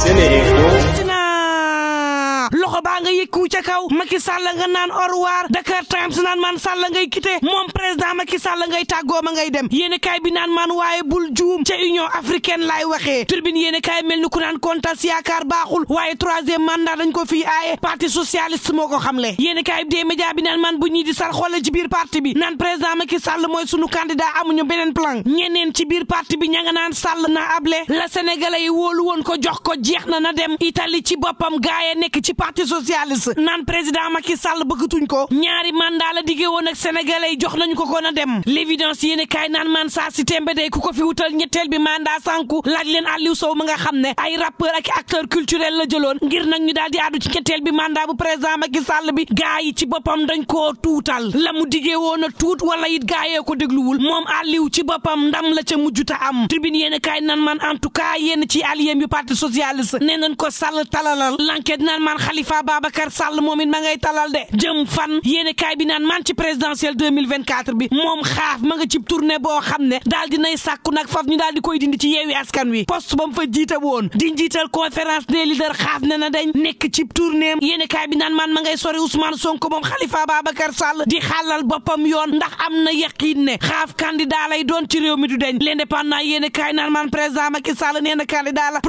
Senegal Sall nga yëkku ca kaw Macky Sall nga naan orwaar Dakar Times naan man Sall ngay quitté moom président Macky Sall ngay tàggoo ma ngay dem yéen kaay bi naan man waaye bul juum ca Union africaine laay waxee turbine yéen kaay mel ni ku naan kontas yaakaar baaxul waaye troisième mandat ko fii aaye parti socialiste moo ko xamle yéen kaay bi dee média bi naan man bu ñii di sar xoole ci biir parti bi naan président Macky Sall mooy sunu candidat amuñu beneen plan ñeneen ci biir parti bi ña nga naan Sall na ablé la sénégalais yi wóolu woon ko jox ko jeex na na dem Italie ci boppam gaay nekk ci parti socialiste naan président Macky Sall bëggatuñ ko ñaari mandat la diggee woon ak sénégalais jox nañu ko ko na dem l'évidence yéen kaay naan man saa si tembe day ku ko fi wutal ñetteel bi mandat sànku laaj leen Aliou Sow ma nga xam ne ay rappeur ak acteur culturel la jëloon ngir nag ñu daal di àddu ci ñetteel bi mandat bu président Macky Sall bi gaa ci boppam dañ koo tuutal la mu diggee woon a tuut wala it gaayee ko dégluwul moom Aliou ci boppam ndam la ca mujjuta am tribune Ababacar Sall moom it ma ngay talal de jëm fan yéene kaay bi naan man ci présidentielle 2024 bi moom xaaf ma nga cib tournée boo xam ne daal di nay sàkku nag faf ñu daal di koy dindi ci yeewi askan wi poste ba mu fa jiite woon di njiital conférence des leaders xaaf ne na dañ nekk cib tournée yéene kaay bi naan man ma ngay sori Ousmane Sonko moom ba Ababacar Sall di xàllal boppam yoon ndax am na yaqiin ne xaaf candidat lay doon ci réew mi du deñ l'indépendant yéene kaay naan man président Macky Sall nee na candidat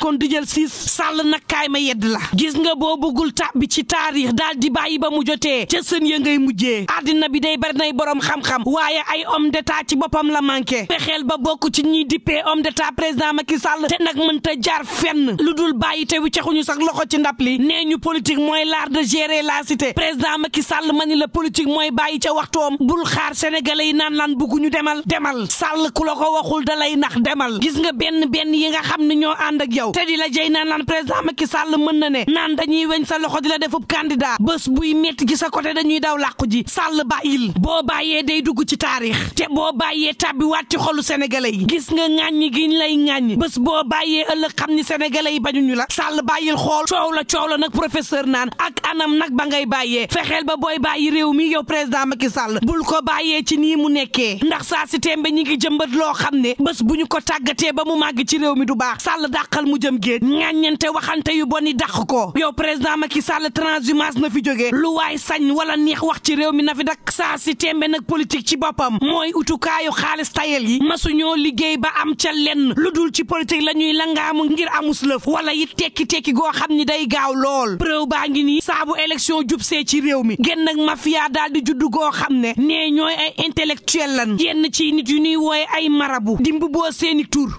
kon di jël siis Sall nag kaay ma yedd la gis nga boo bëggul tàbbi ci taarix daal di bàyyi ba mu jotee ca sën ya mujjee àddina bi day bari nay borom xam-xam waaye ay homme d'état ci boppam la manqué fexeel ba bokk ci ñiy dippee homme d'état président Macky Sall te nag mënta jaar fenn lu dul bàyyi te wiccaxuñu sax loxo ci ndap li nee ñu politique mooy l'art de gérer la cité président maki Sall ma ni la politique mooy bàyyi ca waxtoom bul xaar sénégalais yi naan lan ñu demal demal Sall ku la waxul da lay nax demal gis nga benn benn yi nga xam ne ñoo ànd ak yow te la jey naan président Macky Sall mën na ne naan dañuy weñ sa loxo di la defub candidat bés buy metti ci sa côté dañuy daw làqu ji sàll bàyyil boo bàyyee day dugg ci taarix te boo bàyyee tàbbiwaat ci xolu sénégalais yi gis nga ŋàññi giñ lay ŋàññi bés boo bàyyee ëllëg xam ni sénégalais yi bañuñu la sàll bàyyil xool coow la coow la nag professeur naan ak anam nag ba ngay bàyyee fexeel ba booy bàyyi réew mi yow président Macky sàll bul ko bàyyee ci nii mu nekkee ndax saa si tembe ñi ngi jëmbat loo xam ne bés bu ñu ko tàggatee ba mu màgg ci réew mi du baax sàll dàqal mu jëm géej ŋàññante waxante yu bon yi dàq dàq ko yow président Macky Sall transhumance na fi jógee lu waay sañ wala neex wax ci réew mi na fi dak saa si tembe nag politique ci boppam mooy utukaayu xaalis tayel yi masuñoo liggéey ba am ca lenn lu dul ci politique la ñuy langaamu ngir amus lëf wala it tekki-tekki goo xam ni day gaaw lool preuve baa ngi nii saabu élection jub see ci réew mi génn nag mafia daal di juddu goo xam ne nee ñooy ay intellectuel lan yenn ci nit yu ñuy wooye ay marabu di mbubboo seeni tur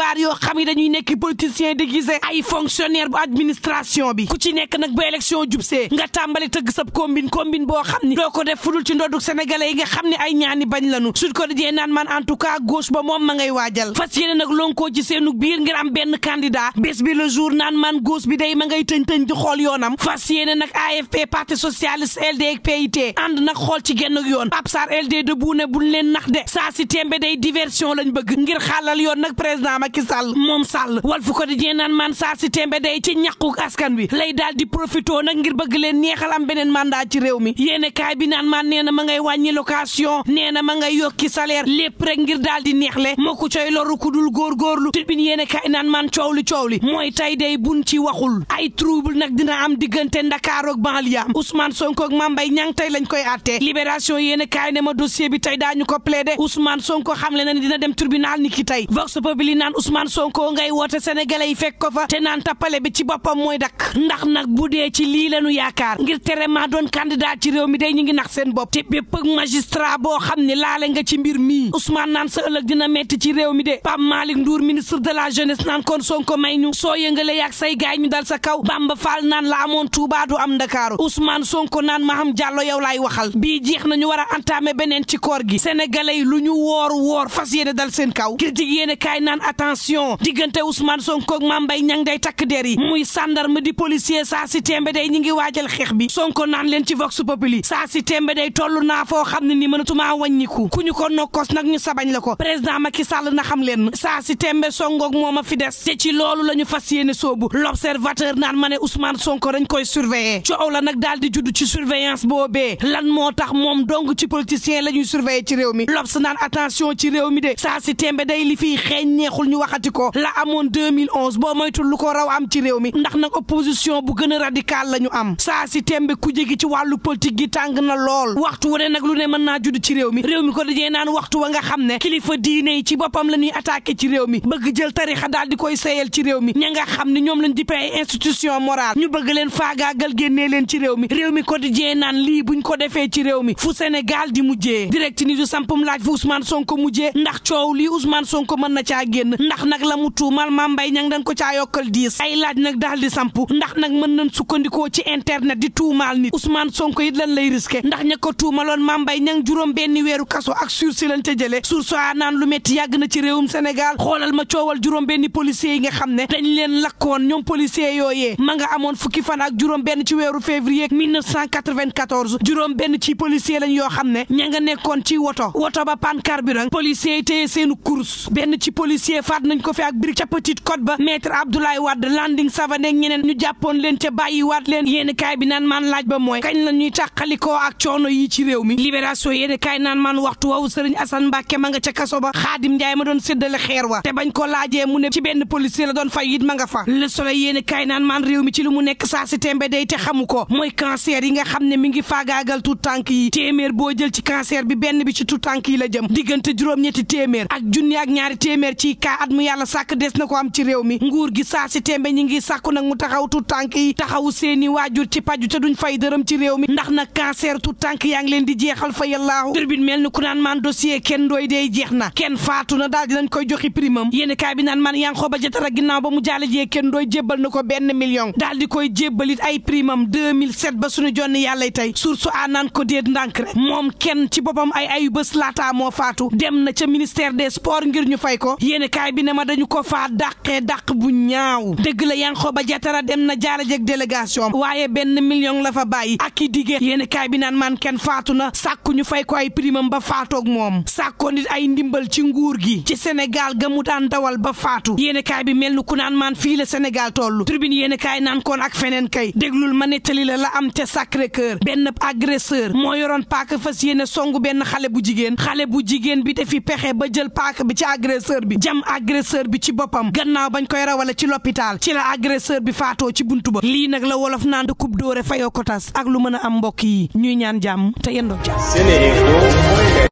xibaar yoo xam ne dañuy nekk politicien déguisé ay fonctionnaire bu administration bi ku ci nekk nag ba élection se nga tàmbali tëgg sab combine combine boo xam ni doo ko def fudul ci ndoddu sénégalais yi nga xam ne ay ñaani bañ lanu Sud Quotidien naan man en tout cas gauche ba moom ma ngay waajal fas yéene nag lonkoo ci seenu biir ngir am benn candidat bés bi le jour naan man gauche bi day ma ngay tëñ-tëñ di xool yoonam fas yéene nag AFP parti socialiste LD ak PIT nag xool ci genn yoon Absar LD debout ne buñ leen nax de saa si tembe day diversion lañ bëgg ngir xàllal yoon nag président Macky Sall moom Sall Walf Quotidien naan man saa si tembe day ci ñàqu askan wi lay daal di profitoo nag ngir bëgg leen neexal am beneen mandat ci réew mi yéene kaay bi naan man nee na ma ngay wàññi location nee na ma ngay yokki salaire lépp rek ngir daal di neexle moo ku coy loru ku dul góorgóorlu tribune yéene kaay naan man coow li coow li mooy tay day buñ ci waxul ay trouble nag dina am diggante Ndakaaru ak banlieue Ousmane Sonko ak Mame Mbaye Niang tey lañ koy atte libération yéene kaay ne ma dossier bi tey daañu ko plaider Ousmane Sonko xamle na dina dem tribunal ni ki tey Ousmane Sonko ngay woote sénégalais yi fekk ko fa te naan tappale bi ci boppam mooy dakk ndax nag bu dee ci lii lañu yaakaar ngir tere maa doon candidat ci réew mi dey ñu ngi nax seen bopp te bépp magistrat boo xam ne laale nga ci mbir mii Ousmane naan sa ëllëg dina metti ci réew mi de Pape Malick Ndour ministre de la jeunesse naan kon Sonko may ñu soo yëngale yaag say gaay ñu dal sa kaw Bamba Fall naan la amoon Touba du am Ndakaaru Ousmane Sonko naan Maham Diallo yow laay waxal bii jeex nañu war a entamer beneen ci koor gi sénégalais yi lu ñu woor woor fas yéene dal seen kaw attention diggante Ousmane Sonko ak Mame Mbaye Niang day takk der yi muy sandarme di policier saa si tembe day ñi ngi waajal xeex bi Sonko naan leen ci vox populi saa tembe day toll naa foo xam ne ni mënatumaa wàññiku ku ñu ko nokkos nag ñu sabañ la ko président Macky Sall na xam leen saa tembe songoog moo ma fi des ci loolu la ñu fas yéene soobu l'observateur naan ma ne Ousmane Sonko dañ koy surveiller coow la nag daal di judd ci surveillance boobee lan moo tax moom dong ci politicien la ñuy surveiller ci mi L'Obs naan attention ci réew waxati ko la amoon 2011 boo moytul lu ko raw am ci réew mi ndax nag opposition bu gën a radical la ñu am saa si tembe ku jegi ci wàllu politique gi tàng na lool waxtu wu ne nag lu ne mën naa judd ci réew mi réew mi ko dajee naan waxtu wa nga xam ne kilifa diine yi ci boppam la ñuy attaqué ci réew mi bëgg jël tarixa daal di koy seeyal ci réew mi ña nga xam ne ñoom lañ dippe ay institution morale ñu bëgg leen faagaagal génnee leen ci réew mi réew mi ko dajee naan lii buñ ko defee ci réew mi fu Sénégal di mujjee direct ni du laaj fu Ousmane Sonko mujjee ndax coow lii Ousmane Sonko mën na caa génn ndax nag la mu tuumal Mame Mbaye Niang dañ ko caa yokkal diis ay laaj nag daal di samp ndax nag mën nañ sukkandikoo ci internet di tuumaal nit Ousmane Sonko yi lan lay risqué ndax ña ko tuumaloon Mame Mbaye Niang juróom benni weeru kaso ak sursis lañ ca jëlee sursis naan lu metti yàgg na ci réewum Sénégal xoolal ma coowal juróom benni policiers yi nga xam ne dañ leen lakkoon ñom policiers yooye ma nga amoon fukki fan ak juróom benn ci weeru février 1994 juróom benn ci policier lañ yoo xam ne ña nga nekkoon ci woto woto ba pan carburant policier yi téye seenu course benn ci policier faat nañ ko fi ak birig ca Petite Côte ba maître Abdoulaye Wade Landing Savané ñeneen ñu jàppoon leen ca bàyyi waat leen yéeni kaay bi nan maan laaj ba mooy kañ la ñuy tàqalikoo ak coono yi ci réew mi libération yéeni kaay naan maan waxtu waw sëriñ Assane Mbacke ma nga ca kaso ba Xaadim Njaay ma doon séddale xeer wa te bañ ko laajee mu ne ci benn policier la doon fa it ma nga fa le soleil yéeni kaay naan maan réew mi ci lu mu nekk saa si tembe day te xamu ko mooy cancer yi nga xam ne mi ngi faagaagal tànk yi téeméer boo jël ci cancer bi benn bi ci tout tànk yi la jëm diggante juróom-ñetti téeméer ak junni ak téeméer ci cas at mu yàlla sàkk des na ko am ci réew mi nguur gi saa si tembe ñi ngi sàkku nag mu taxaw tu tànk yi taxaw seeni waajur ci paju te duñ fay dërëm ci réew mi ndax nag cancer tu tànk yaa ngi leen di jeexal fa yàllaahu turbine mel ni ku naan maan dossier kenn dooy day jeex na kenn faatu na daal dinañ koy joxi primam yéen kaay bi naan maan yaa ngi xooba jatara ginnaaw ba mu jaale jee kenn doy jébbal na ko benn million daal di koy jébbalit ay primam 2007 ba suñu jonn yàllay tey source a naan ko déet ndànk moom kenn ci boppam ay ayu bés laataa moo faatu dem ca ministère des sports ngir ñu fay ko yéenekaay bi ne ma dañu ko faa dàqee dàq bu ñaaw dëgg la Yankhoba Diattara dem na jaara jaarajëk délégation waaye benn million la fa bàyyi ak i digée yéenekaay bi naan man kenn faatu na sàkku ñu fay ko ay primam ba faatoog moom sàkkoo nit ay ndimbal ci nguur gi ci Sénégal ga mu daan dawal ba faatu yéenekaay bi mel ni ku naan man fii la Sénégal toll tribune yéenekaay naan koon ak feneen kay déglul ma nettali la la am ca Sacré-Cœur benn agresseur moo yoroon paak fas yéene songu benn xale bu jigéen xale bu jigéen bi defi pexe ba jël paaka bi ci agresseur bi agresseur bi ci boppam gannaaw bañ koy rawale ci l'hôpital ci la agresseur bi faatoo ci buntu ba lii nag la wolof naan da kub dóore fayoo ko tas ak lu mën a am mbokk yi ñuy ñaan jàmm te yendoo jàmm